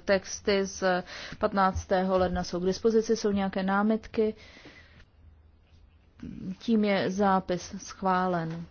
texty z 15. ledna jsou k dispozici, jsou nějaké námitky. Tím je zápis schválen.